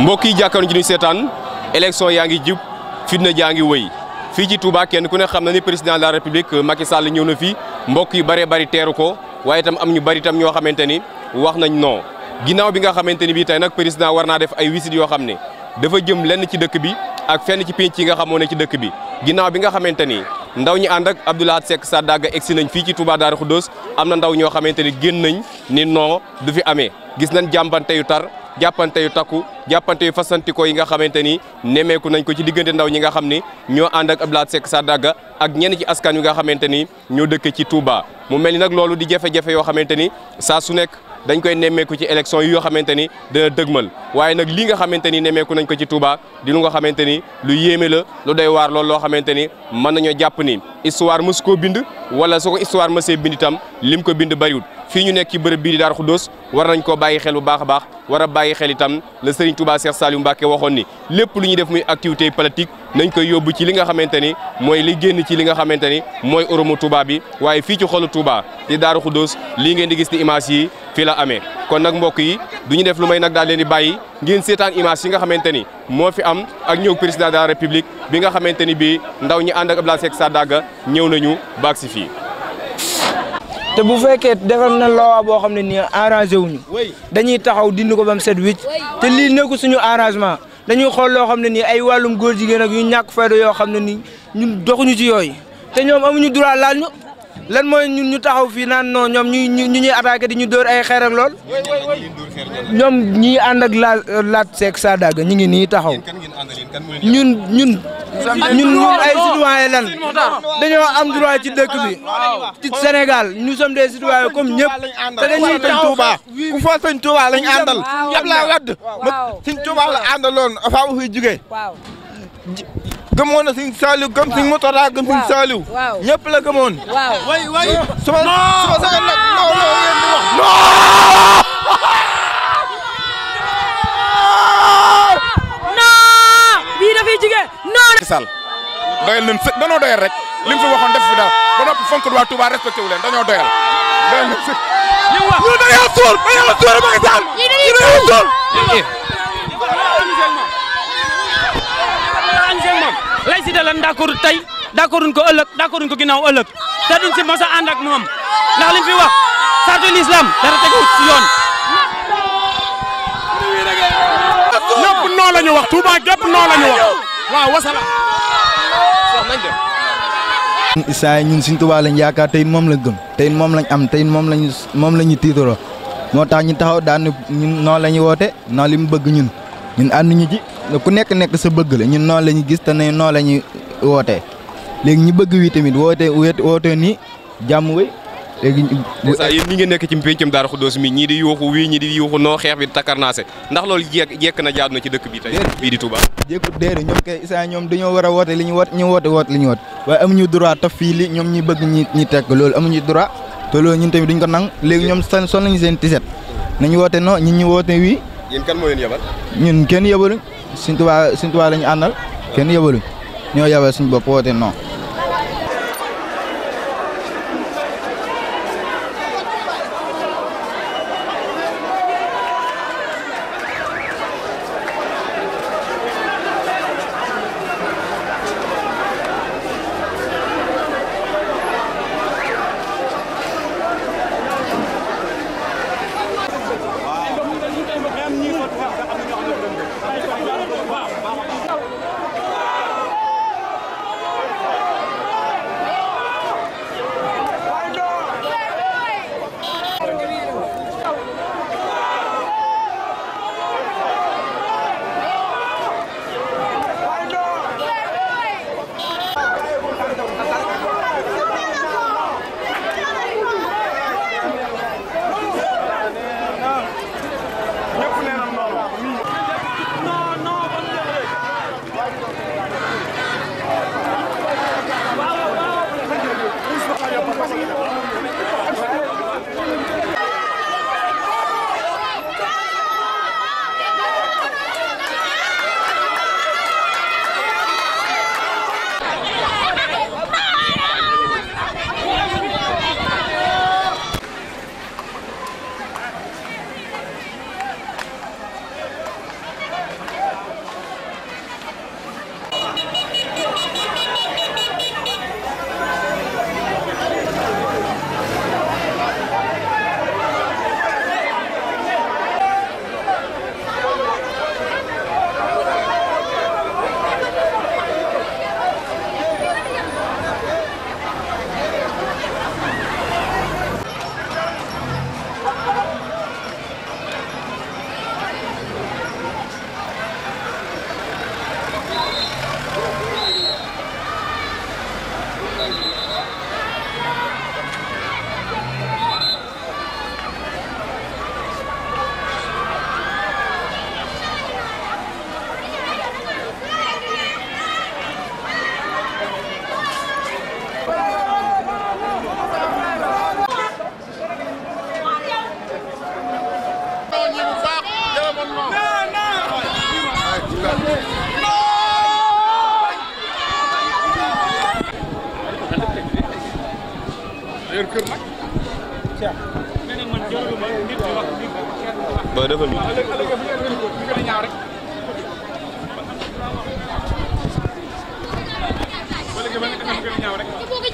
mbokki jakkanu jàkkaarloo ji ñu seetaan élection fitna jaangi wey fi ci Touba kenn ku ne xamna ni président de la république euh, Macky Sall ñew na fi mbokk yu bari bari ko waye tam am ñu bari tam ño xamanteni wax nañ non ginaaw bi nga xamanteni ni tay nak nag président war def ay visite yo xamne dafa jëm lenn ci dëkk bi ak fenn ci pénc yi nga xamone ci dëkk bi ginaaw bi nga xamanteni ni ndaw ñi and ak Seck Sadaga exi nañ fi ci Touba Daru Khoudoss amna ndaw ño xamanteni ni nañ ni non du fi amé gis nañ jàmbante yu tar jàppante yu takku jàppante yu fasantikoo yi nga xamante ni nemeeku nañ ko ci diggante ndaw ñi nga xam ni ñoo ànd ak Abdoulaye Seck Sadaga ak ñenn ci askan wi nga xamante ni ñoo dëkk ci Touba mu mel ni nag loolu di jafe-jafe yoo xamante ni saa su nekk dañ koy nemmeeku ci élection yi yoo xamante ni dana dëgmal waaye nag lii nga xamante ni nemmeeku nañ ko ci Touba di nga xamante ni lu yéeme la lu doy waar loolu loo xamante ni mën nañoo jàpp ni histoire mës koo bind wala su ko histoire mësee bind itam lim ko bind bariwul fii ñu nekk ci bërëb bii di Daaru Xuddoos war nañ koo bàyyi xel bu baax a baax war a bàyyi xel itam la Serigne Touba Cheikh Saliou Mbacké waxoon ni lépp lu ñuy def muy activité politique nañ koy yóbbu ci li nga xamante ni mooy li génn ci li nga xamante ni mooy oromu Touba bi waaye fii ci xolu Touba di Daaru Xuddoos lii ngeen di gis ni image yi fii la amee kon nag mbokk yi du ñu def lu may nag daal leen di bàyyi ngeen seetaan image yi nga xamante ni moo fi am ak ñëw président de la république bi nga xamante ni bii ndaw ñi ànd ak Abdoulaye Seck Sadaga ñëw nañu baag si fii te bu fekkee defal na loi boo xam ne nii arrangé wuñu dañuy taxaw dindi ko ba mu set wicc te lii nekku suñu arrangement dañuy xool loo xam ne nii ay wàllum góor jigéen ak yu ñàkk fayda yoo xam ne nii ñun doxuñu ci yooyu te ñoom amuñu droit laal ñu lan mooy ñun ñu taxaw fii naan non ñoom ñuy ñu ñuy attaqué di ñu dóor ay xeer ak lool ñoom ñi ànd ak laat seek Sadaga ñu ngi nii taxaw ñun ñun ñun ñun ay citoyen lan dañoo am droit ci dëkk bi ci Sénégal nous sommes des citoyens ñëpp te dañuy sëñ ku fa sëñ Touba lañ àndal yëpp laa wadd ma sëñ Touba la àndaloon faamu fiy gëmoon na Sëñ gëm Sëñ Murtadaa gëm Sëñ Saaliw ñëpp la gëmoon way way suma suma sagan nag non non yéen di wax non Sall doyal nañ së dañoo doyal rek li mu waxoon def fi daal ba noppi fonk waa Touba respecté wu leen dañoo doyal doyal nañ së ñu doyal suul dañoo suul Macky Sall Laye Siteu lan d'accord tey d'accord ko ëllëg d'accord ko ginnaaw ëllëg te duñ si mos a ànd ak moom ndax li fi wax sartu l'islam dara tegu si yoon. ñëpp noo ñu wax Touba gépp noo ñu wax waaw wasalaam. Issa ñun suñ Touba lañ yaakaar tey moom la gëm tey moom lañ am tey moom lañ moom la ñu tiitaroo moo tax ñu taxaw daan ñun noonu la ñu woote noonu li mu bëgg ñun ñun ànd ñu ji. ku nekk nekk sa bëgg la ñun noonu la ñu gis te ne noonu la ñu wootee léegi ñu bëgg wi tamit woote woote ni jàmm wéy léegi. dèjà yéen ñi ngeen nekk ci péncam Darou Khoudoss mi ñii di yuuxu wii ñii di yuuxu noo xeex bi takarnaase ndax loolu jekk jekk na jaadu na ci dëkk bi tey bii di Touba. jékkut déedéet ñoom kay isa ñoom dañoo war a woote li ñu woote ñu woote woote li ñu woote waaye amuñu droit taf fii li ñoom ñi bëgg ñi ñi teg loolu amuñu droit te loolu ñun tamit duñ ko nang léegi ñoom son son nañu seen tiset nañu woote non ñun ñu woote wii yéen kan moo leen yabal ñun kenn yabaluñ Sëñ Tuubaa Sëñ Tuubaa la ñu àndal kenn yebaluñ ñoo yebal suñ bopp woote yor kër nag. ba dafa nii. ba léegi ba léegi